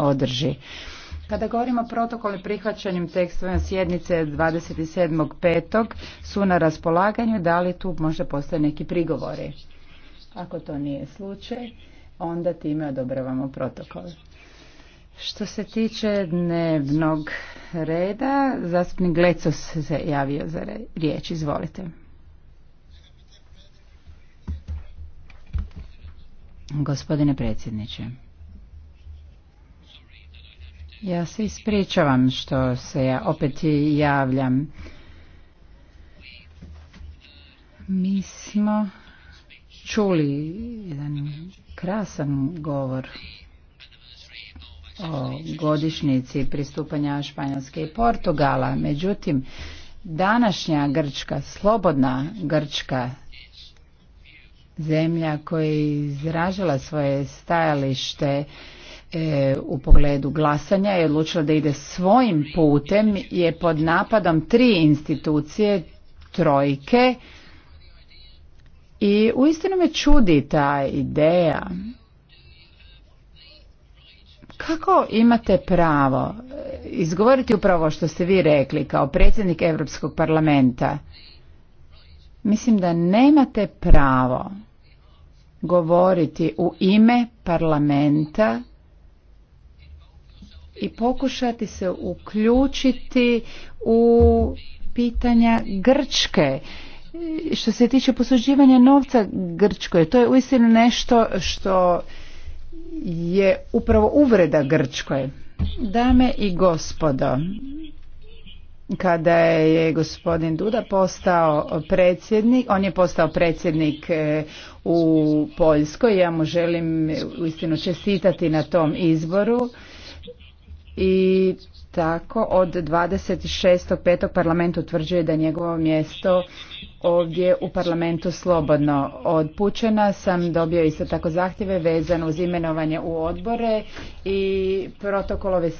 održi. Kada govorimo o protokolu prihvaćanjem tekstovima sjednice 27.5. su na raspolaganju, da li tu možda postoje neki prigovori? Ako to nije slučaj, onda time odobravamo protokol. Što se tiče dnevnog reda, zastupnik Glecos se javio za riječ. Izvolite. Gospodine predsjedniče. Ja se ispričavam što se ja opet javljam. Mi smo čuli jedan krasan govor o godišnjici pristupanja Španjolske i Portugala. Međutim, današnja Grčka, slobodna Grčka, zemlja koja je izražila svoje stajalište e, u pogledu glasanja je odlučila da ide svojim putem je pod napadom tri institucije trojke i uistinu me čudi ta ideja kako imate pravo e, izgovoriti upravo što ste vi rekli kao predsjednik Europskog parlamenta? Mislim da nemate pravo govoriti u ime parlamenta i pokušati se uključiti u pitanja Grčke. Što se tiče posuđivanja novca Grčkoj, to je uistinu nešto što je upravo uvreda Grčkoj. Dame i gospodo, kada je gospodin Duda postao predsjednik, on je postao predsjednik e, u Poljskoj, ja mu želim uistinu čestitati na tom izboru i tako od 26.5. parlament utvrđuje da je njegovo mjesto ovdje u parlamentu slobodno. Od sam dobio isto tako zahtjeve vezano uz imenovanje u odbore i protokolove